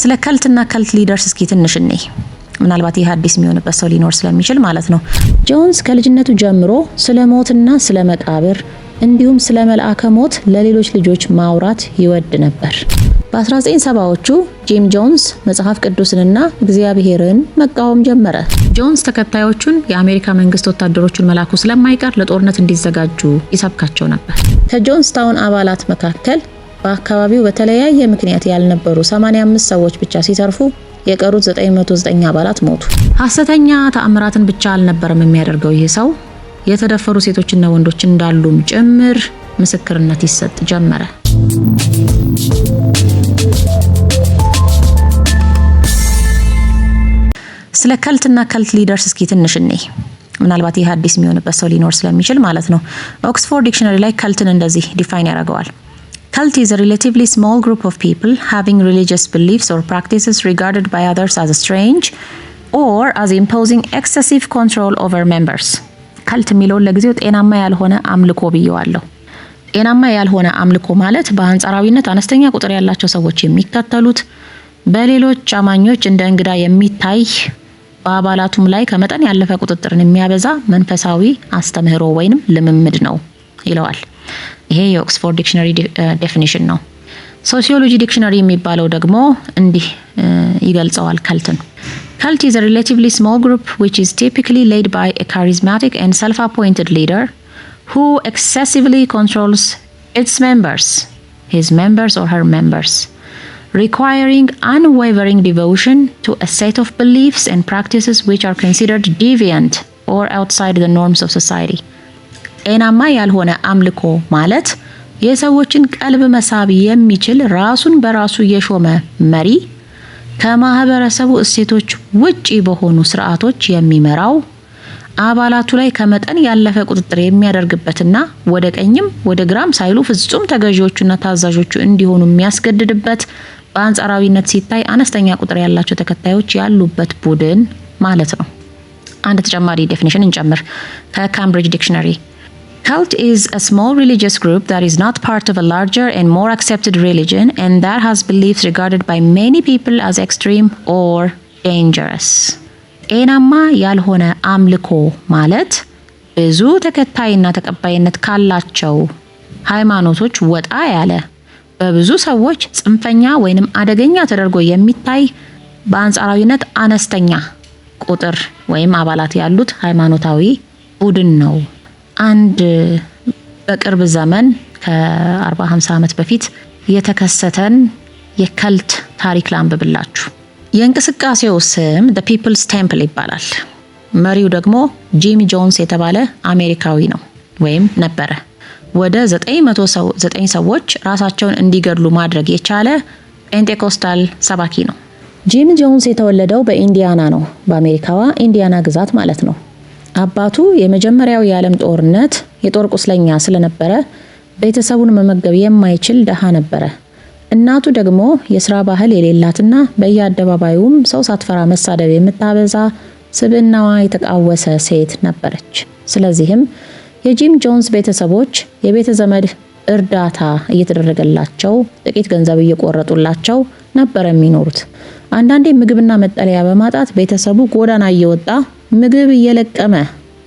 ስለ ከልትና ከልት ሊደርስ እስኪ ትንሽ እኔ ምናልባት ይህ አዲስ የሚሆንበት ሰው ሊኖር ስለሚችል ማለት ነው። ጆንስ ከልጅነቱ ጀምሮ ስለ ሞትና ስለ መቃብር እንዲሁም ስለ መልአከ ሞት ለሌሎች ልጆች ማውራት ይወድ ነበር። በ1970ዎቹ ጂም ጆንስ መጽሐፍ ቅዱስንና እግዚአብሔርን መቃወም ጀመረ። ጆንስ ተከታዮቹን የአሜሪካ መንግስት ወታደሮቹን መላኩ ስለማይቀር ለጦርነት እንዲዘጋጁ ይሰብካቸው ነበር። ከጆንስ ታውን አባላት መካከል በአካባቢው በተለያየ ምክንያት ያልነበሩ 85 ሰዎች ብቻ ሲተርፉ የቀሩት 909 አባላት ሞቱ። ሐሰተኛ ተአምራትን ብቻ አልነበረም የሚያደርገው ይህ ሰው የተደፈሩ ሴቶችና ወንዶች እንዳሉም ጭምር ምስክርነት ይሰጥ ጀመረ። ስለ ከልትና ከልት ሊደርስ እስኪ ትንሽ እኔ ምናልባት ይህ አዲስ የሚሆንበት ሰው ሊኖር ስለሚችል ማለት ነው። ኦክስፎርድ ዲክሽነሪ ላይ ከልትን እንደዚህ ዲፋይን ያደርገዋል። Cult is a relatively small group of people having religious beliefs or practices regarded by others as strange or as imposing excessive control over members። ከልት የሚለውን ለጊዜው ጤናማ ያልሆነ አምልኮ ብየዋለሁ። ጤናማ ያልሆነ አምልኮ ማለት በአንጻራዊነት አነስተኛ ቁጥር ያላቸው ሰዎች የሚከተሉት በሌሎች አማኞች እንደ እንግዳ የሚታይ በአባላቱም ላይ ከመጠን ያለፈ ቁጥጥርን የሚያበዛ መንፈሳዊ አስተምህሮ ወይንም ልምምድ ነው ይለዋል። For dictionary definition የኦክስፎርድ sociology dictionary me ሶሲዮሎጂ ዲክሽነሪ የሚባለው ደግሞ እንዲህ ይገልጸዋል ከልትን Cult is a relatively small group which is typically led by a charismatic and self appointed leader who excessively controls its members, his members or her members, requiring unwavering devotion to a set of beliefs and practices which are considered deviant or outside the norms of society. ጤናማ ያልሆነ አምልኮ ማለት የሰዎችን ቀልብ መሳብ የሚችል ራሱን በራሱ የሾመ መሪ ከማህበረሰቡ እሴቶች ውጪ በሆኑ ስርዓቶች የሚመራው አባላቱ ላይ ከመጠን ያለፈ ቁጥጥር የሚያደርግበትና ወደ ቀኝም ወደ ግራም ሳይሉ ፍጹም ተገዢዎቹና ታዛዦቹ እንዲሆኑ የሚያስገድድበት በአንጻራዊነት ሲታይ አነስተኛ ቁጥር ያላቸው ተከታዮች ያሉበት ቡድን ማለት ነው። አንድ ተጨማሪ ዴፊኒሽን እንጨምር ከካምብሪጅ ዲክሽነሪ Cult is a small religious group that is not part of a larger and more accepted religion and that has beliefs regarded by many people as extreme or dangerous. ጤናማ ያልሆነ አምልኮ ማለት ብዙ ተከታይና ተቀባይነት ካላቸው ሃይማኖቶች ወጣ ያለ በብዙ ሰዎች ጽንፈኛ ወይንም አደገኛ ተደርጎ የሚታይ በአንጻራዊነት አነስተኛ ቁጥር ወይም አባላት ያሉት ሃይማኖታዊ ቡድን ነው። አንድ በቅርብ ዘመን ከ40 50 ዓመት በፊት የተከሰተን የከልት ታሪክ ላንብብላችሁ። የእንቅስቃሴው ስም ዘ ፒፕልስ ቴምፕል ይባላል። መሪው ደግሞ ጂሚ ጆንስ የተባለ አሜሪካዊ ነው ወይም ነበረ። ወደ 909 ሰዎች ራሳቸውን እንዲገድሉ ማድረግ የቻለ ጴንጤኮስታል ሰባኪ ነው። ጂሚ ጆንስ የተወለደው በኢንዲያና ነው፣ በአሜሪካዋ ኢንዲያና ግዛት ማለት ነው። አባቱ የመጀመሪያው የዓለም ጦርነት የጦር ቁስለኛ ስለነበረ ቤተሰቡን መመገብ የማይችል ደሃ ነበረ። እናቱ ደግሞ የስራ ባህል የሌላትና በየአደባባዩም ሰው ሳትፈራ መሳደብ የምታበዛ ስብናዋ የተቃወሰ ሴት ነበረች። ስለዚህም የጂም ጆንስ ቤተሰቦች የቤተ ዘመድ እርዳታ እየተደረገላቸው ጥቂት ገንዘብ እየቆረጡላቸው ነበር የሚኖሩት። አንዳንዴ ምግብና መጠለያ በማጣት ቤተሰቡ ጎዳና እየወጣ ምግብ እየለቀመ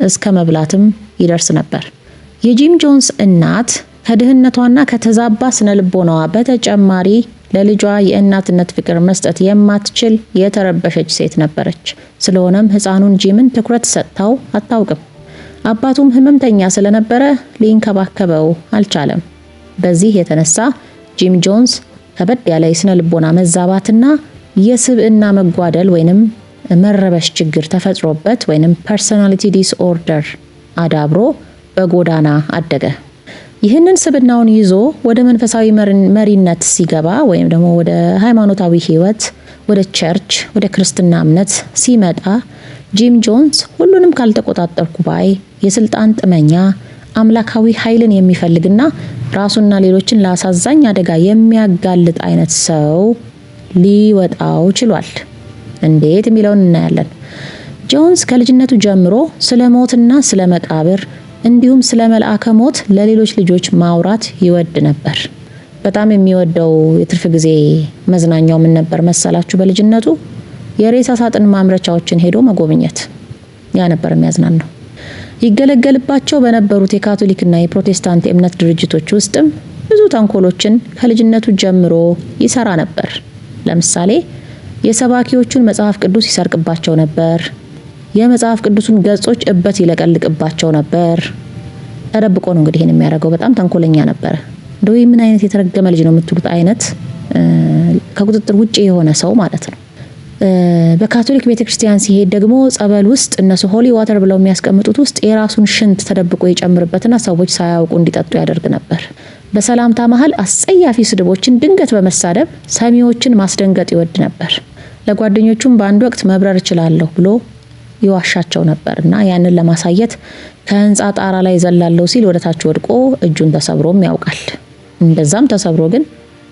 እስከ መብላትም ይደርስ ነበር። የጂም ጆንስ እናት ከድህነቷና ከተዛባ ስነ ልቦናዋ በተጨማሪ ለልጇ የእናትነት ፍቅር መስጠት የማትችል የተረበሸች ሴት ነበረች። ስለሆነም ህፃኑን ጂምን ትኩረት ሰጥታው አታውቅም። አባቱም ህመምተኛ ስለነበረ ሊንከባከበው አልቻለም። በዚህ የተነሳ ጂም ጆንስ ከበድ ያለ የስነ ልቦና መዛባትና የስብዕና መጓደል ወይንም መረበሽ ችግር ተፈጥሮበት ወይም ፐርሶናሊቲ ዲስኦርደር አዳብሮ በጎዳና አደገ። ይህንን ስብናውን ይዞ ወደ መንፈሳዊ መሪነት ሲገባ ወይም ደግሞ ወደ ሃይማኖታዊ ህይወት ወደ ቸርች፣ ወደ ክርስትና እምነት ሲመጣ ጂም ጆንስ ሁሉንም ካልተቆጣጠርኩ ባይ፣ የስልጣን ጥመኛ፣ አምላካዊ ኃይልን የሚፈልግና ራሱና ሌሎችን ለአሳዛኝ አደጋ የሚያጋልጥ አይነት ሰው ሊወጣው ችሏል። እንዴት የሚለውን እናያለን። ጆንስ ከልጅነቱ ጀምሮ ስለ ሞትና ስለ መቃብር እንዲሁም ስለ መልአከ ሞት ለሌሎች ልጆች ማውራት ይወድ ነበር። በጣም የሚወደው የትርፍ ጊዜ መዝናኛው ምን ነበር መሰላችሁ? በልጅነቱ የሬሳ ሳጥን ማምረቻዎችን ሄዶ መጎብኘት፣ ያ ነበር የሚያዝናናው። ይገለገልባቸው በነበሩት የካቶሊክና የፕሮቴስታንት የእምነት ድርጅቶች ውስጥም ብዙ ተንኮሎችን ከልጅነቱ ጀምሮ ይሰራ ነበር። ለምሳሌ የሰባኪዎቹን መጽሐፍ ቅዱስ ይሰርቅባቸው ነበር። የመጽሐፍ ቅዱሱን ገጾች እበት ይለቀልቅባቸው ነበር። ተደብቆ ነው እንግዲህ ይህን የሚያደርገው። በጣም ተንኮለኛ ነበረ። እንደው ምን አይነት የተረገመ ልጅ ነው የምትሉት አይነት ከቁጥጥር ውጭ የሆነ ሰው ማለት ነው። በካቶሊክ ቤተክርስቲያን ሲሄድ ደግሞ ጸበል ውስጥ እነሱ ሆሊ ዋተር ብለው የሚያስቀምጡት ውስጥ የራሱን ሽንት ተደብቆ ይጨምርበትና ሰዎች ሳያውቁ እንዲጠጡ ያደርግ ነበር። በሰላምታ መሀል አስጸያፊ ስድቦችን ድንገት በመሳደብ ሰሚዎችን ማስደንገጥ ይወድ ነበር። ለጓደኞቹም በአንድ ወቅት መብረር እችላለሁ ብሎ ይዋሻቸው ነበር እና ያንን ለማሳየት ከህንፃ ጣራ ላይ ዘላለሁ ሲል ወደ ታች ወድቆ እጁን ተሰብሮም ያውቃል። እንደዛም ተሰብሮ ግን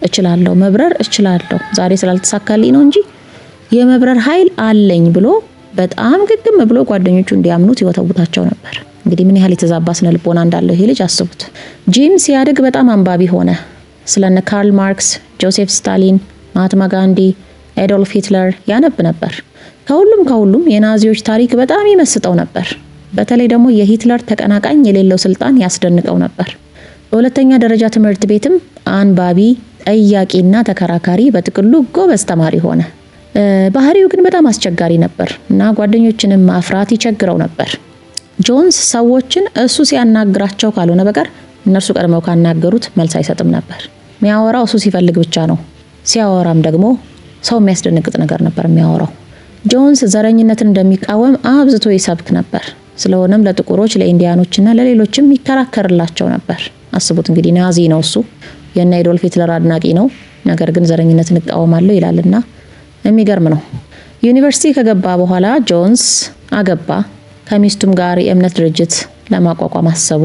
እችላለሁ መብረር እችላለሁ፣ ዛሬ ስላልተሳካልኝ ነው እንጂ የመብረር ኃይል አለኝ ብሎ በጣም ግግም ብሎ ጓደኞቹ እንዲያምኑት ይወተውታቸው ነበር። እንግዲህ ምን ያህል የተዛባ ስነ ልቦና እንዳለው ይሄ ልጅ አስቡት። ጂም ሲያድግ በጣም አንባቢ ሆነ። ስለነ ካርል ማርክስ፣ ጆሴፍ ስታሊን፣ ማህትማ ጋንዲ አዶልፍ ሂትለር ያነብ ነበር። ከሁሉም ከሁሉም የናዚዎች ታሪክ በጣም ይመስጠው ነበር። በተለይ ደግሞ የሂትለር ተቀናቃኝ የሌለው ስልጣን ያስደንቀው ነበር። በሁለተኛ ደረጃ ትምህርት ቤትም አንባቢ፣ ጠያቂና ተከራካሪ በጥቅሉ ጎበዝ ተማሪ ሆነ። ባህሪው ግን በጣም አስቸጋሪ ነበር እና ጓደኞችንም ማፍራት ይቸግረው ነበር። ጆንስ ሰዎችን እሱ ሲያናግራቸው ካልሆነ በቀር እነርሱ ቀድመው ካናገሩት መልስ አይሰጥም ነበር። ሚያወራው እሱ ሲፈልግ ብቻ ነው። ሲያወራም ደግሞ ሰው የሚያስደነግጥ ነገር ነበር የሚያወራው። ጆንስ ዘረኝነትን እንደሚቃወም አብዝቶ ይሰብክ ነበር። ስለሆነም ለጥቁሮች ለኢንዲያኖችና ለሌሎችም ይከራከርላቸው ነበር። አስቡት እንግዲህ ናዚ ነው እሱ፣ የእነ አዶልፍ ሂትለር አድናቂ ነው፣ ነገር ግን ዘረኝነትን እቃወማለሁ ይላልና የሚገርም ነው። ዩኒቨርሲቲ ከገባ በኋላ ጆንስ አገባ። ከሚስቱም ጋር የእምነት ድርጅት ለማቋቋም አሰቡ።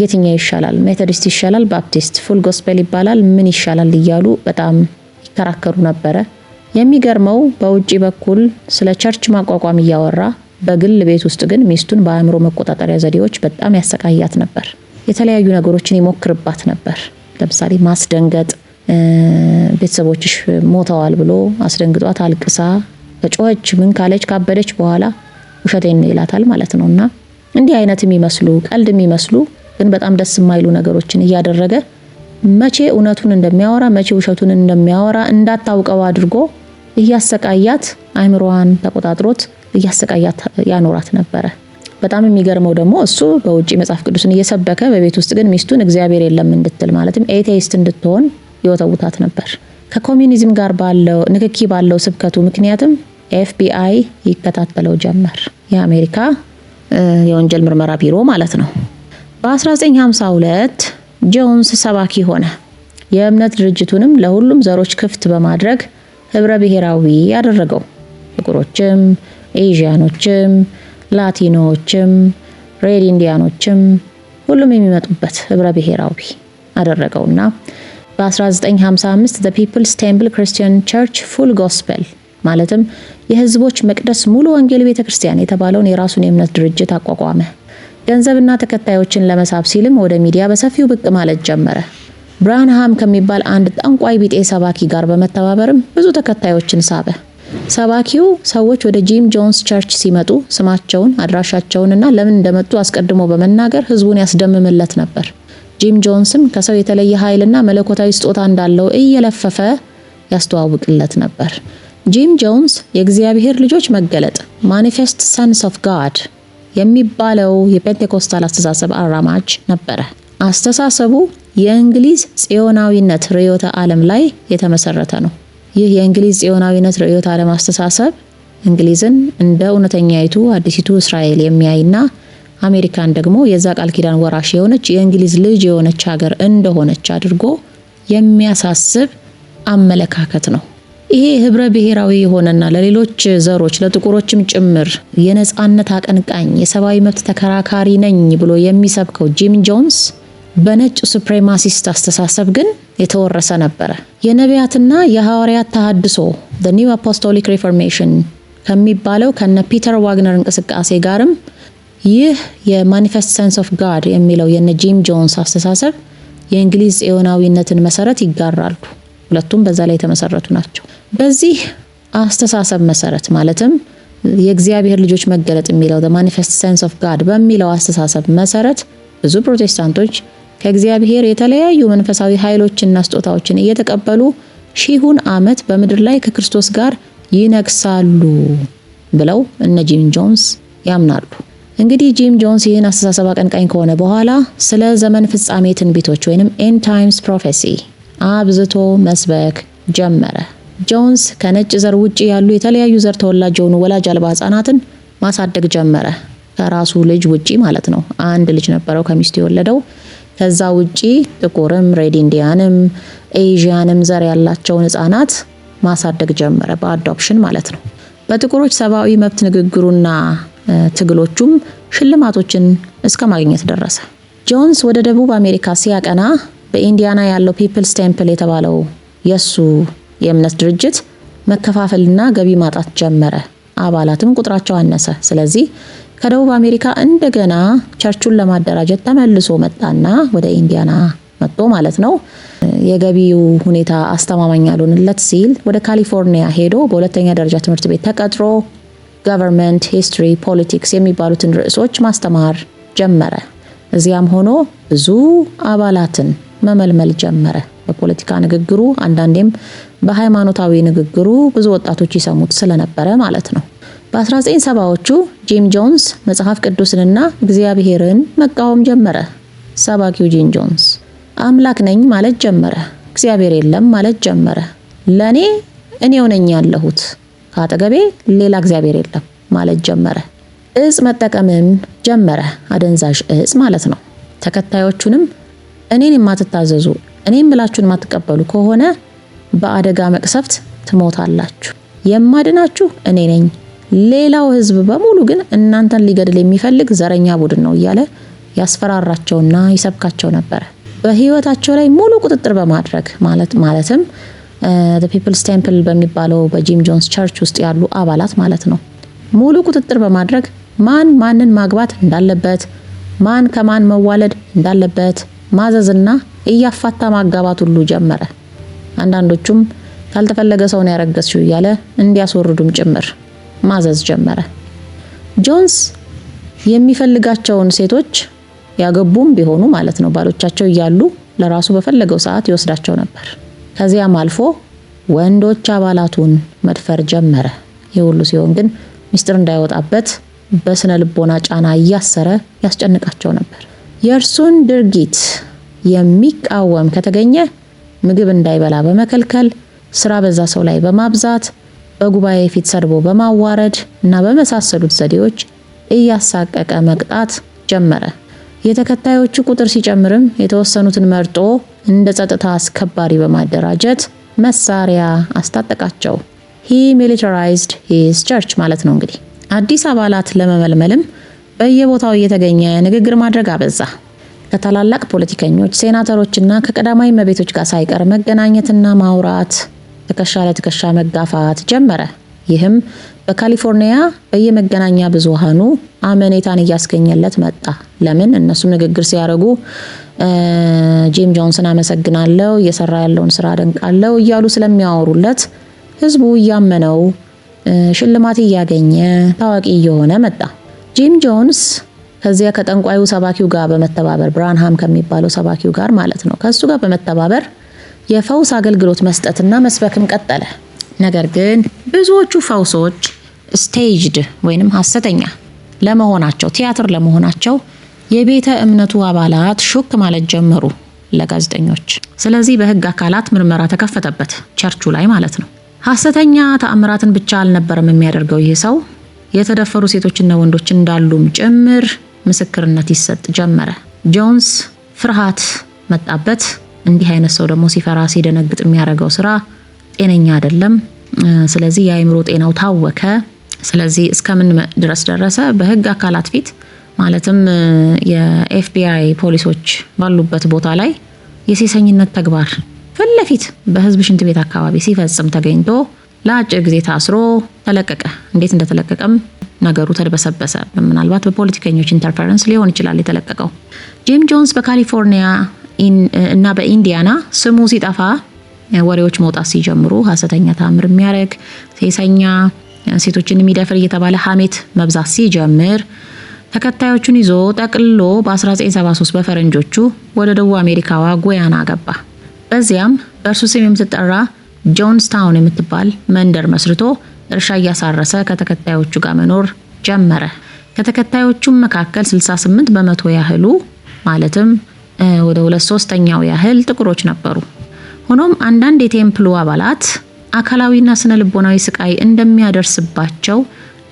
የትኛው ይሻላል? ሜቶዲስት ይሻላል? ባፕቲስት? ፉል ጎስፔል ይባላል? ምን ይሻላል? እያሉ በጣም ሲከራከሩ ነበረ። የሚገርመው በውጪ በኩል ስለ ቸርች ማቋቋም እያወራ በግል ቤት ውስጥ ግን ሚስቱን በአእምሮ መቆጣጠሪያ ዘዴዎች በጣም ያሰቃያት ነበር። የተለያዩ ነገሮችን ይሞክርባት ነበር። ለምሳሌ ማስደንገጥ፣ ቤተሰቦችሽ ሞተዋል ብሎ አስደንግጧት አልቅሳ በጮኸች ምን ካለች ካበደች በኋላ ውሸቴን ይላታል ማለት ነው። እና እንዲህ አይነት የሚመስሉ ቀልድ የሚመስሉ ግን በጣም ደስ የማይሉ ነገሮችን እያደረገ መቼ እውነቱን እንደሚያወራ መቼ ውሸቱን እንደሚያወራ እንዳታውቀው አድርጎ እያሰቃያት አይምሮዋን ተቆጣጥሮት እያሰቃያት ያኖራት ነበረ። በጣም የሚገርመው ደግሞ እሱ በውጭ መጽሐፍ ቅዱስን እየሰበከ በቤት ውስጥ ግን ሚስቱን እግዚአብሔር የለም እንድትል ማለትም ኤቴይስት እንድትሆን ይወተውታት ነበር። ከኮሚኒዝም ጋር ባለው ንክኪ ባለው ስብከቱ ምክንያትም ኤፍቢአይ ይከታተለው ጀመር። የአሜሪካ የወንጀል ምርመራ ቢሮ ማለት ነው። በ1952 ጆንስ ሰባኪ ሆነ። የእምነት ድርጅቱንም ለሁሉም ዘሮች ክፍት በማድረግ ህብረ ብሔራዊ ያደረገው ጥቁሮችም፣ ኤዥያኖችም፣ ላቲኖዎችም፣ ሬድ ኢንዲያኖችም ሁሉም የሚመጡበት ህብረ ብሔራዊ አደረገውና በ1955 ዘ ፒፕልስ ቴምፕል ክርስቲያን ቸርች ፉል ጎስፔል ማለትም የህዝቦች መቅደስ ሙሉ ወንጌል ቤተ ክርስቲያን የተባለውን የራሱን የእምነት ድርጅት አቋቋመ። ገንዘብና ተከታዮችን ለመሳብ ሲልም ወደ ሚዲያ በሰፊው ብቅ ማለት ጀመረ። ብራንሃም ከሚባል አንድ ጠንቋይ ቢጤ ሰባኪ ጋር በመተባበርም ብዙ ተከታዮችን ሳበ። ሰባኪው ሰዎች ወደ ጂም ጆንስ ቸርች ሲመጡ ስማቸውን፣ አድራሻቸውንና ለምን እንደመጡ አስቀድሞ በመናገር ህዝቡን ያስደምምለት ነበር። ጂም ጆንስም ከሰው የተለየ ኃይልና መለኮታዊ ስጦታ እንዳለው እየለፈፈ ያስተዋውቅለት ነበር። ጂም ጆንስ የእግዚአብሔር ልጆች መገለጥ ማኒፌስት ሰንስ ኦፍ ጋድ የሚባለው የፔንቴኮስታል አስተሳሰብ አራማጅ ነበረ። አስተሳሰቡ የእንግሊዝ ጽዮናዊነት ርዕዮተ ዓለም ላይ የተመሰረተ ነው። ይህ የእንግሊዝ ጽዮናዊነት ርዕዮተ ዓለም አስተሳሰብ እንግሊዝን እንደ እውነተኛይቱ አዲሲቱ እስራኤል የሚያይና አሜሪካን ደግሞ የዛ ቃል ኪዳን ወራሽ የሆነች የእንግሊዝ ልጅ የሆነች ሀገር እንደሆነች አድርጎ የሚያሳስብ አመለካከት ነው። ይሄ ህብረ ብሔራዊ የሆነና ለሌሎች ዘሮች ለጥቁሮችም ጭምር የነጻነት አቀንቃኝ የሰብአዊ መብት ተከራካሪ ነኝ ብሎ የሚሰብከው ጂም ጆንስ በነጭ ሱፕሬማሲስት አስተሳሰብ ግን የተወረሰ ነበረ። የነቢያትና የሐዋርያት ተሃድሶ ዘ ኒው አፖስቶሊክ ሪፎርሜሽን ከሚባለው ከነ ፒተር ዋግነር እንቅስቃሴ ጋርም ይህ የማኒፌስት ሰንስ ኦፍ ጋድ የሚለው የነ ጂም ጆንስ አስተሳሰብ የእንግሊዝ ጽዮናዊነትን መሰረት ይጋራሉ። ሁለቱም በዛ ላይ የተመሰረቱ ናቸው። በዚህ አስተሳሰብ መሰረት ማለትም የእግዚአብሔር ልጆች መገለጥ የሚለው ማኒፌስት ሰንስ ኦፍ ጋድ በሚለው አስተሳሰብ መሰረት ብዙ ፕሮቴስታንቶች ከእግዚአብሔር የተለያዩ መንፈሳዊ ኃይሎችና ስጦታዎችን እየተቀበሉ ሺሁን ዓመት በምድር ላይ ከክርስቶስ ጋር ይነግሳሉ ብለው እነ ጂም ጆንስ ያምናሉ። እንግዲህ ጂም ጆንስ ይህን አስተሳሰብ አቀንቃኝ ከሆነ በኋላ ስለ ዘመን ፍጻሜ ትንቢቶች ወይንም ኤንድ ታይምስ ፕሮፌሲ አብዝቶ መስበክ ጀመረ። ጆንስ ከነጭ ዘር ውጭ ያሉ የተለያዩ ዘር ተወላጅ የሆኑ ወላጅ አልባ ህጻናትን ማሳደግ ጀመረ። ከራሱ ልጅ ውጪ ማለት ነው። አንድ ልጅ ነበረው ከሚስቱ የወለደው። ከዛ ውጪ ጥቁርም፣ ሬድ ኢንዲያንም፣ ኤዥያንም ዘር ያላቸውን ህጻናት ማሳደግ ጀመረ፣ በአዶፕሽን ማለት ነው። በጥቁሮች ሰብአዊ መብት ንግግሩና ትግሎቹም ሽልማቶችን እስከ ማግኘት ደረሰ። ጆንስ ወደ ደቡብ አሜሪካ ሲያቀና በኢንዲያና ያለው ፒፕልስ ቴምፕል የተባለው የሱ የእምነት ድርጅት መከፋፈልና ገቢ ማጣት ጀመረ። አባላትም ቁጥራቸው አነሰ። ስለዚህ ከደቡብ አሜሪካ እንደገና ቸርቹን ለማደራጀት ተመልሶ መጣና ወደ ኢንዲያና መጥቶ ማለት ነው። የገቢው ሁኔታ አስተማማኝ ያልሆንለት ሲል ወደ ካሊፎርኒያ ሄዶ በሁለተኛ ደረጃ ትምህርት ቤት ተቀጥሮ ገቨርንመንት፣ ሂስትሪ፣ ፖለቲክስ የሚባሉትን ርዕሶች ማስተማር ጀመረ። እዚያም ሆኖ ብዙ አባላትን መመልመል ጀመረ። በፖለቲካ ንግግሩ አንዳንዴም በሃይማኖታዊ ንግግሩ ብዙ ወጣቶች ይሰሙት ስለነበረ ማለት ነው። በ1970ዎቹ ጂም ጆንስ መጽሐፍ ቅዱስንና እግዚአብሔርን መቃወም ጀመረ። ሰባኪው ጂም ጆንስ አምላክ ነኝ ማለት ጀመረ። እግዚአብሔር የለም ማለት ጀመረ። ለኔ እኔው ነኝ ያለሁት፣ ከአጠገቤ ሌላ እግዚአብሔር የለም ማለት ጀመረ። እጽ መጠቀምም ጀመረ። አደንዛዥ እጽ ማለት ነው። ተከታዮቹንም እኔን የማትታዘዙ እኔም ብላችሁን የማትቀበሉ ከሆነ በአደጋ መቅሰፍት ትሞታላችሁ። የማድናችሁ እኔ ነኝ። ሌላው ህዝብ በሙሉ ግን እናንተን ሊገድል የሚፈልግ ዘረኛ ቡድን ነው እያለ ያስፈራራቸውና ይሰብካቸው ነበረ። በህይወታቸው ላይ ሙሉ ቁጥጥር በማድረግ ማለት ማለትም ፒፕልስ ቴምፕል በሚባለው በጂም ጆንስ ቸርች ውስጥ ያሉ አባላት ማለት ነው። ሙሉ ቁጥጥር በማድረግ ማን ማንን ማግባት እንዳለበት፣ ማን ከማን መዋለድ እንዳለበት ማዘዝና እያፋታ ማጋባት ሁሉ ጀመረ። አንዳንዶቹም ካልተፈለገ ሰውን ያረገዝሽው እያለ እንዲያስወርዱም ጭምር ማዘዝ ጀመረ። ጆንስ የሚፈልጋቸውን ሴቶች ያገቡም ቢሆኑ ማለት ነው ባሎቻቸው እያሉ ለራሱ በፈለገው ሰዓት ይወስዳቸው ነበር። ከዚያም አልፎ ወንዶች አባላቱን መድፈር ጀመረ። ይህ ሁሉ ሲሆን ግን ሚስጥር እንዳይወጣበት በስነ ልቦና ጫና እያሰረ ያስጨንቃቸው ነበር። የእርሱን ድርጊት የሚቃወም ከተገኘ ምግብ እንዳይበላ በመከልከል ስራ በዛ ሰው ላይ በማብዛት በጉባኤ ፊት ሰድቦ በማዋረድ እና በመሳሰሉት ዘዴዎች እያሳቀቀ መቅጣት ጀመረ። የተከታዮቹ ቁጥር ሲጨምርም የተወሰኑትን መርጦ እንደ ጸጥታ አስከባሪ በማደራጀት መሳሪያ አስታጠቃቸው። ሂ ሚሊታራይዝድ ሂዝ ቸርች ማለት ነው እንግዲህ። አዲስ አባላት ለመመልመልም በየቦታው እየተገኘ ንግግር ማድረግ አበዛ። ከታላላቅ ፖለቲከኞች፣ ሴናተሮችና ከቀዳማዊ እመቤቶች ጋር ሳይቀር መገናኘትና ማውራት፣ ትከሻ ለትከሻ መጋፋት ጀመረ። ይህም በካሊፎርኒያ በየመገናኛ ብዙሃኑ አመኔታን እያስገኘለት መጣ። ለምን? እነሱም ንግግር ሲያደርጉ ጂም ጆንስን አመሰግናለሁ፣ እየሰራ ያለውን ስራ አደንቃለሁ እያሉ ስለሚያወሩለት ህዝቡ እያመነው ሽልማት እያገኘ ታዋቂ እየሆነ መጣ። ጂም ጆንስ ከዚያ ከጠንቋዩ ሰባኪው ጋር በመተባበር ብራንሃም ከሚባለው ሰባኪው ጋር ማለት ነው። ከሱ ጋር በመተባበር የፈውስ አገልግሎት መስጠትና መስበክም ቀጠለ። ነገር ግን ብዙዎቹ ፈውሶች ስቴጅድ ወይንም ሀሰተኛ ለመሆናቸው ቲያትር ለመሆናቸው የቤተ እምነቱ አባላት ሹክ ማለት ጀመሩ ለጋዜጠኞች። ስለዚህ በህግ አካላት ምርመራ ተከፈተበት ቸርቹ ላይ ማለት ነው። ሀሰተኛ ተአምራትን ብቻ አልነበረም የሚያደርገው ይህ ሰው የተደፈሩ ሴቶችና ወንዶች እንዳሉም ጭምር ምስክርነት ይሰጥ ጀመረ። ጆንስ ፍርሃት መጣበት። እንዲህ አይነት ሰው ደግሞ ሲፈራ ሲደነግጥ የሚያደርገው ስራ ጤነኛ አይደለም። ስለዚህ የአእምሮ ጤናው ታወከ። ስለዚህ እስከምን ድረስ ደረሰ? በህግ አካላት ፊት ማለትም የኤፍቢአይ ፖሊሶች ባሉበት ቦታ ላይ የሴሰኝነት ተግባር ፊት ለፊት በህዝብ ሽንት ቤት አካባቢ ሲፈጽም ተገኝቶ ለአጭር ጊዜ ታስሮ ተለቀቀ። እንዴት እንደተለቀቀም ነገሩ ተድበሰበሰ። ምናልባት በፖለቲከኞች ኢንተርፈረንስ ሊሆን ይችላል የተለቀቀው። ጂም ጆንስ በካሊፎርኒያ እና በኢንዲያና ስሙ ሲጠፋ ወሬዎች መውጣት ሲጀምሩ ሀሰተኛ ታምር የሚያደርግ ሴሰኛ፣ ሴቶችን የሚደፍር እየተባለ ሀሜት መብዛት ሲጀምር ተከታዮቹን ይዞ ጠቅልሎ በ1973 በፈረንጆቹ ወደ ደቡብ አሜሪካዋ ጉያና ገባ። በዚያም በእርሱ ስም የምትጠራ ጆንስታውን የምትባል መንደር መስርቶ እርሻ እያሳረሰ ከተከታዮቹ ጋር መኖር ጀመረ። ከተከታዮቹም መካከል 68 በመቶ ያህሉ ማለትም ወደ ሁለት ሶስተኛው ያህል ጥቁሮች ነበሩ። ሆኖም አንዳንድ የቴምፕሉ አባላት አካላዊና ስነ ልቦናዊ ስቃይ እንደሚያደርስባቸው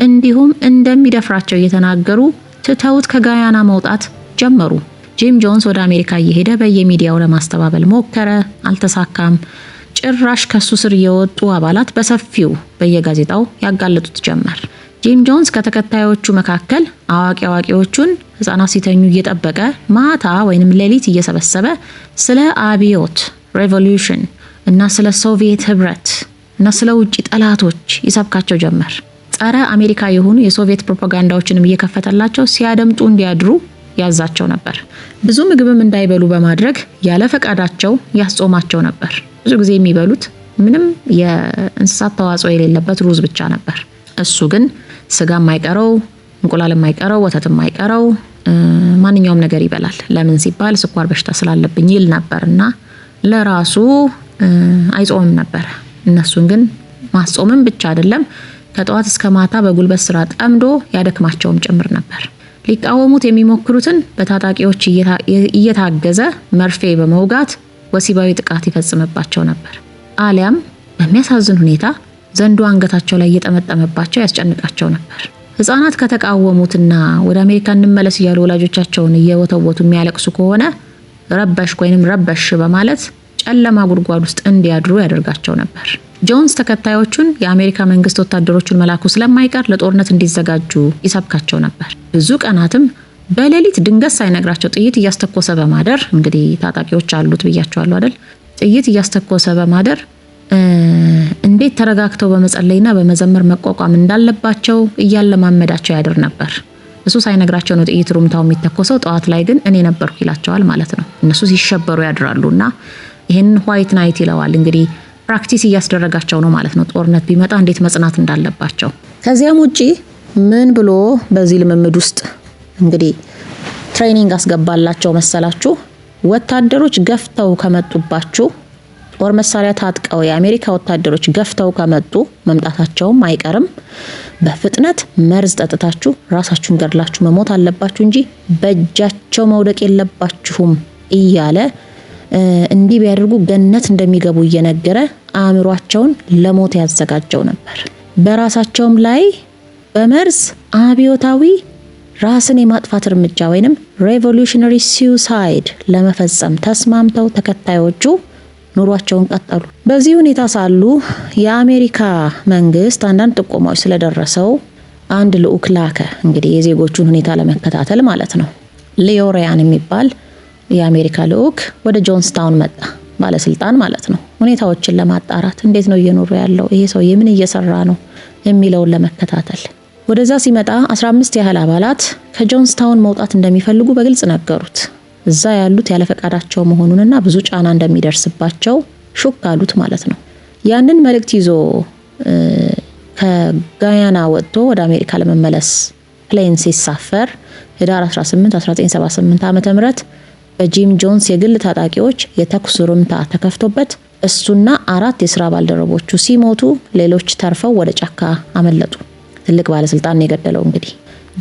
እንዲሁም እንደሚደፍራቸው እየተናገሩ ትተውት ከጋያና መውጣት ጀመሩ። ጂም ጆንስ ወደ አሜሪካ እየሄደ በየሚዲያው ለማስተባበል ሞከረ፣ አልተሳካም። ጭራሽ ከሱ ስር የወጡ አባላት በሰፊው በየጋዜጣው ያጋለጡት ጀመር። ጂም ጆንስ ከተከታዮቹ መካከል አዋቂ አዋቂዎቹን ህጻናት ሲተኙ እየጠበቀ ማታ ወይንም ሌሊት እየሰበሰበ ስለ አብዮት ሬቮሉሽን እና ስለ ሶቪየት ህብረት እና ስለ ውጭ ጠላቶች ይሰብካቸው ጀመር። ጸረ አሜሪካ የሆኑ የሶቪየት ፕሮፓጋንዳዎችንም እየከፈተላቸው ሲያደምጡ እንዲያድሩ ያዛቸው ነበር። ብዙ ምግብም እንዳይበሉ በማድረግ ያለ ፈቃዳቸው ያስጾማቸው ነበር። ብዙ ጊዜ የሚበሉት ምንም የእንስሳት ተዋጽኦ የሌለበት ሩዝ ብቻ ነበር። እሱ ግን ስጋ የማይቀረው እንቁላል የማይቀረው ወተት የማይቀረው ማንኛውም ነገር ይበላል። ለምን ሲባል ስኳር በሽታ ስላለብኝ ይል ነበር እና ለራሱ አይጾምም ነበር። እነሱን ግን ማስጾምም ብቻ አይደለም ከጠዋት እስከ ማታ በጉልበት ስራ ጠምዶ ያደክማቸውም ጭምር ነበር። ሊቃወሙት የሚሞክሩትን በታጣቂዎች እየታገዘ መርፌ በመውጋት ወሲባዊ ጥቃት ይፈጽምባቸው ነበር። አሊያም በሚያሳዝን ሁኔታ ዘንዶ አንገታቸው ላይ እየጠመጠመባቸው ያስጨንቃቸው ነበር። ህጻናት ከተቃወሙትና ወደ አሜሪካ እንመለስ እያሉ ወላጆቻቸውን እየወተወቱ የሚያለቅሱ ከሆነ ረበሽ ወይንም ረበሽ በማለት ጨለማ ጉድጓድ ውስጥ እንዲያድሩ ያደርጋቸው ነበር። ጆንስ ተከታዮቹን የአሜሪካ መንግስት ወታደሮቹን መላኩ ስለማይቀር ለጦርነት እንዲዘጋጁ ይሰብካቸው ነበር። ብዙ ቀናትም በሌሊት ድንገት ሳይነግራቸው ጥይት እያስተኮሰ በማደር እንግዲህ ታጣቂዎች አሉት ብያቸዋሉ አይደል? ጥይት እያስተኮሰ በማደር እንዴት ተረጋግተው በመጸለይና በመዘመር መቋቋም እንዳለባቸው እያለማመዳቸው ያድር ነበር። እሱ ሳይነግራቸው ነው ጥይት ሩምታው የሚተኮሰው። ጠዋት ላይ ግን እኔ ነበርኩ ይላቸዋል ማለት ነው። እነሱ ሲሸበሩ ያድራሉ እና ይህንን ዋይት ናይት ይለዋል እንግዲህ ፕራክቲስ እያስደረጋቸው ነው ማለት ነው። ጦርነት ቢመጣ እንዴት መጽናት እንዳለባቸው። ከዚያም ውጪ ምን ብሎ በዚህ ልምምድ ውስጥ እንግዲህ ትሬኒንግ አስገባላቸው መሰላችሁ? ወታደሮች ገፍተው ከመጡባችሁ ጦር መሳሪያ ታጥቀው የአሜሪካ ወታደሮች ገፍተው ከመጡ መምጣታቸውም አይቀርም። በፍጥነት መርዝ ጠጥታችሁ ራሳችሁን ገድላችሁ መሞት አለባችሁ እንጂ በእጃቸው መውደቅ የለባችሁም እያለ እንዲህ ቢያደርጉ ገነት እንደሚገቡ እየነገረ አእምሯቸውን ለሞት ያዘጋጀው ነበር። በራሳቸውም ላይ በመርዝ አብዮታዊ ራስን የማጥፋት እርምጃ ወይንም ሬቮሉሽነሪ ሲዩሳይድ ለመፈጸም ተስማምተው ተከታዮቹ ኑሯቸውን ቀጠሉ። በዚህ ሁኔታ ሳሉ የአሜሪካ መንግስት አንዳንድ ጥቆማዎች ስለደረሰው አንድ ልዑክ ላከ። እንግዲህ የዜጎቹን ሁኔታ ለመከታተል ማለት ነው። ሊዮሪያን የሚባል የአሜሪካ ልዑክ ወደ ጆንስታውን መጣ። ባለስልጣን ማለት ነው። ሁኔታዎችን ለማጣራት እንዴት ነው እየኖረ ያለው ይሄ ሰው የምን እየሰራ ነው የሚለውን ለመከታተል ወደዛ ሲመጣ 15 ያህል አባላት ከጆንስታውን መውጣት እንደሚፈልጉ በግልጽ ነገሩት። እዛ ያሉት ያለፈቃዳቸው መሆኑንና ብዙ ጫና እንደሚደርስባቸው ሹክ አሉት ማለት ነው። ያንን መልእክት ይዞ ከጋያና ወጥቶ ወደ አሜሪካ ለመመለስ ፕሌን ሲሳፈር ህዳር 18 1978 ም በጂም ጆንስ የግል ታጣቂዎች የተኩስ ሩምታ ተከፍቶበት እሱና አራት የስራ ባልደረቦቹ ሲሞቱ ሌሎች ተርፈው ወደ ጫካ አመለጡ። ትልቅ ባለስልጣን የገደለው እንግዲህ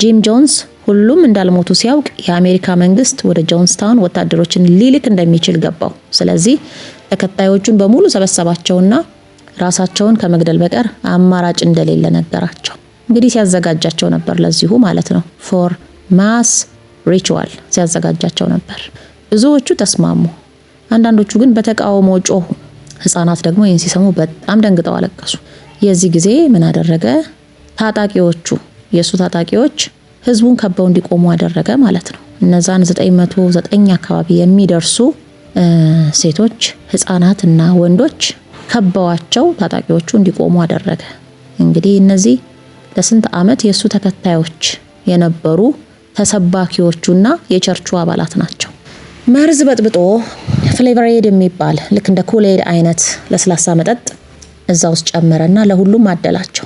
ጂም ጆንስ ሁሉም እንዳልሞቱ ሲያውቅ የአሜሪካ መንግስት ወደ ጆንስታውን ወታደሮችን ሊልክ እንደሚችል ገባው። ስለዚህ ተከታዮቹን በሙሉ ሰበሰባቸውና ራሳቸውን ከመግደል በቀር አማራጭ እንደሌለ ነገራቸው። እንግዲህ ሲያዘጋጃቸው ነበር፣ ለዚሁ ማለት ነው ፎር ማስ ሪቹዋል ሲያዘጋጃቸው ነበር። ብዙዎቹ ተስማሙ። አንዳንዶቹ ግን በተቃውሞ ጮሁ። ህፃናት ደግሞ ይህን ሲሰሙ በጣም ደንግጠው አለቀሱ። የዚህ ጊዜ ምን አደረገ? ታጣቂዎቹ የእሱ ታጣቂዎች ህዝቡን ከበው እንዲቆሙ አደረገ ማለት ነው። እነዛን 909 አካባቢ የሚደርሱ ሴቶች ህጻናት እና ወንዶች ከበዋቸው ታጣቂዎቹ እንዲቆሙ አደረገ። እንግዲህ እነዚህ ለስንት ዓመት የእሱ ተከታዮች የነበሩ ተሰባኪዎቹና የቸርቹ አባላት ናቸው። መርዝ በጥብጦ ፍሌቨሬድ የሚባል ልክ እንደ ኮሌድ አይነት ለስላሳ መጠጥ እዛ ውስጥ ጨመረና ለሁሉም አደላቸው።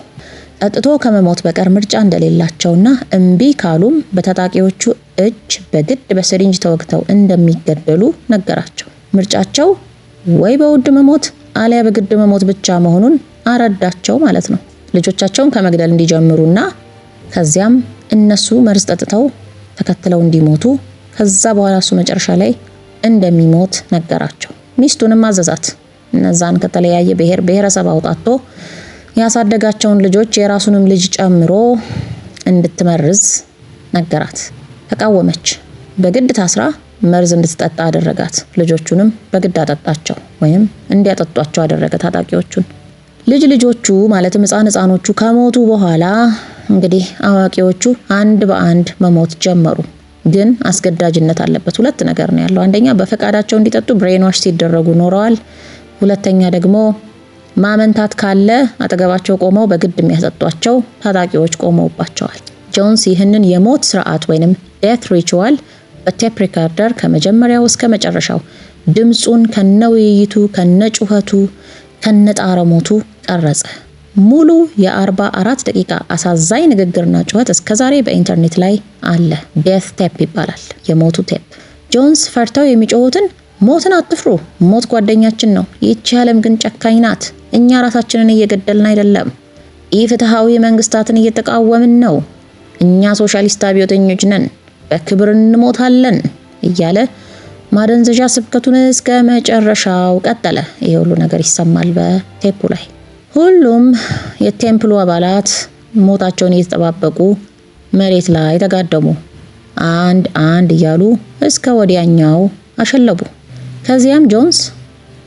ጠጥቶ ከመሞት በቀር ምርጫ እንደሌላቸውና እምቢ ካሉም በታጣቂዎቹ እጅ በግድ በስሪንጅ ተወግተው እንደሚገደሉ ነገራቸው። ምርጫቸው ወይ በውድ መሞት አሊያ በግድ መሞት ብቻ መሆኑን አረዳቸው ማለት ነው። ልጆቻቸውን ከመግደል እንዲጀምሩና ከዚያም እነሱ መርዝ ጠጥተው ተከትለው እንዲሞቱ ከዛ በኋላ እሱ መጨረሻ ላይ እንደሚሞት ነገራቸው። ሚስቱንም አዘዛት እነዛን ከተለያየ ብሔር ብሔረሰብ አውጣቶ ያሳደጋቸውን ልጆች የራሱንም ልጅ ጨምሮ እንድትመርዝ ነገራት። ተቃወመች። በግድ ታስራ መርዝ እንድትጠጣ አደረጋት። ልጆቹንም በግድ አጠጣቸው ወይም እንዲያጠጧቸው አደረገ ታጣቂዎቹን። ልጅ ልጆቹ ማለትም ህፃን ህፃኖቹ ከሞቱ በኋላ እንግዲህ አዋቂዎቹ አንድ በአንድ መሞት ጀመሩ። ግን አስገዳጅነት አለበት። ሁለት ነገር ነው ያለው። አንደኛ በፈቃዳቸው እንዲጠጡ ብሬንዋሽ ሲደረጉ ኖረዋል። ሁለተኛ ደግሞ ማመንታት ካለ አጠገባቸው ቆመው በግድ የሚያሰጧቸው ታጣቂዎች ቆመውባቸዋል። ጆንስ ይህንን የሞት ስርዓት ወይም ዴት ሪቹዋል በቴፕ ሪካርደር ከመጀመሪያው እስከ መጨረሻው ድምፁን ከነ ውይይቱ ከነ ጩኸቱ ከነ ጣረሞቱ ቀረጸ። ሙሉ የ44 ደቂቃ አሳዛኝ ንግግርና ጩኸት እስከዛሬ በኢንተርኔት ላይ አለ። ዴት ቴፕ ይባላል፣ የሞቱ ቴፕ። ጆንስ ፈርተው የሚጮሁትን ሞትን አትፍሩ፣ ሞት ጓደኛችን ነው፣ ይቺ ዓለም ግን ጨካኝ ናት፣ እኛ ራሳችንን እየገደልን አይደለም፣ ኢፍትሐዊ መንግስታትን እየተቃወምን ነው፣ እኛ ሶሻሊስት አብዮተኞች ነን፣ በክብር እንሞታለን እያለ ማደንዘዣ ስብከቱን እስከ መጨረሻው ቀጠለ። ይህ ሁሉ ነገር ይሰማል በቴፑ ላይ። ሁሉም የቴምፕሉ አባላት ሞታቸውን እየተጠባበቁ መሬት ላይ ተጋደሙ። አንድ አንድ እያሉ እስከ ወዲያኛው አሸለቡ። ከዚያም ጆንስ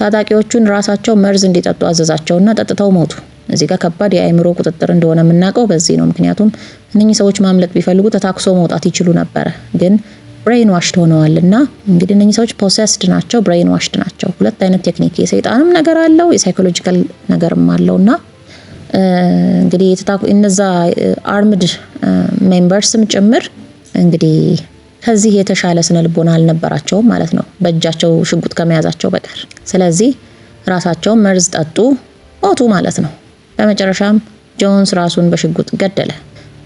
ታጣቂዎቹን ራሳቸው መርዝ እንዲጠጡ አዘዛቸውና ጠጥተው ሞቱ። እዚህ ጋር ከባድ የአእምሮ ቁጥጥር እንደሆነ የምናውቀው በዚህ ነው። ምክንያቱም እነኚህ ሰዎች ማምለጥ ቢፈልጉ ተታክሶ መውጣት ይችሉ ነበረ፣ ግን ብሬን ዋሽድ ሆነዋል። እና እንግዲህ እነኚህ ሰዎች ፖሰስድ ናቸው፣ ብሬን ዋሽድ ናቸው። ሁለት አይነት ቴክኒክ የሰይጣንም ነገር አለው፣ የሳይኮሎጂካል ነገርም አለው እና እንግዲህ እነዛ አርምድ ሜምበርስም ጭምር እንግዲህ ከዚህ የተሻለ ስነ ልቦና አልነበራቸውም ማለት ነው በእጃቸው ሽጉጥ ከመያዛቸው በቀር። ስለዚህ ራሳቸውን መርዝ ጠጡ፣ ሞቱ ማለት ነው። በመጨረሻም ጆንስ ራሱን በሽጉጥ ገደለ።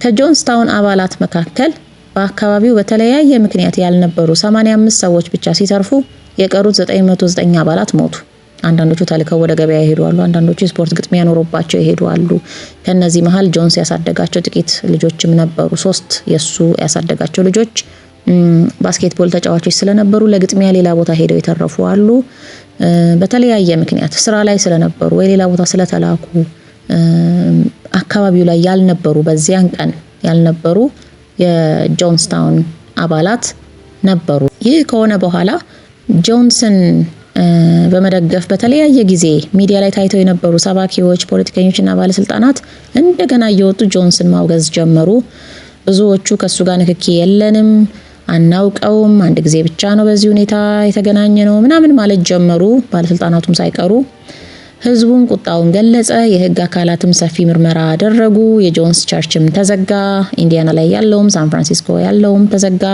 ከጆንስ ታውን አባላት መካከል በአካባቢው በተለያየ ምክንያት ያልነበሩ 85 ሰዎች ብቻ ሲተርፉ የቀሩት 909 አባላት ሞቱ። አንዳንዶቹ ተልከው ወደ ገበያ ይሄዱ አሉ። አንዳንዶቹ የስፖርት ግጥሚያ ኖሮባቸው ይሄዱ አሉ። ከነዚህ መሀል ጆንስ ያሳደጋቸው ጥቂት ልጆችም ነበሩ። ሶስት የሱ ያሳደጋቸው ልጆች ባስኬትቦል ተጫዋቾች ስለነበሩ ለግጥሚያ ሌላ ቦታ ሄደው የተረፉ አሉ። በተለያየ ምክንያት ስራ ላይ ስለነበሩ ወይ ሌላ ቦታ ስለተላኩ አካባቢው ላይ ያልነበሩ በዚያን ቀን ያልነበሩ የጆንስታውን አባላት ነበሩ። ይህ ከሆነ በኋላ ጆንስን በመደገፍ በተለያየ ጊዜ ሚዲያ ላይ ታይተው የነበሩ ሰባኪዎች፣ ፖለቲከኞች እና ባለስልጣናት እንደገና እየወጡ ጆንስን ማውገዝ ጀመሩ። ብዙዎቹ ከእሱ ጋር ንክኪ የለንም፣ አናውቀውም፣ አንድ ጊዜ ብቻ ነው በዚህ ሁኔታ የተገናኘ ነው ምናምን ማለት ጀመሩ፣ ባለስልጣናቱም ሳይቀሩ ህዝቡም ቁጣውን ገለጸ። የህግ አካላትም ሰፊ ምርመራ አደረጉ። የጆንስ ቸርችም ተዘጋ። ኢንዲያና ላይ ያለውም ሳን ፍራንሲስኮ ያለውም ተዘጋ።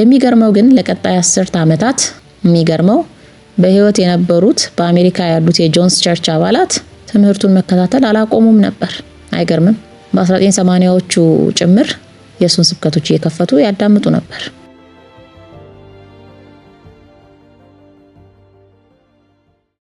የሚገርመው ግን ለቀጣይ አስርት ዓመታት የሚገርመው በህይወት የነበሩት በአሜሪካ ያሉት የጆንስ ቸርች አባላት ትምህርቱን መከታተል አላቆሙም ነበር። አይገርምም? በ1980ዎቹ ጭምር የእሱን ስብከቶች እየከፈቱ ያዳምጡ ነበር።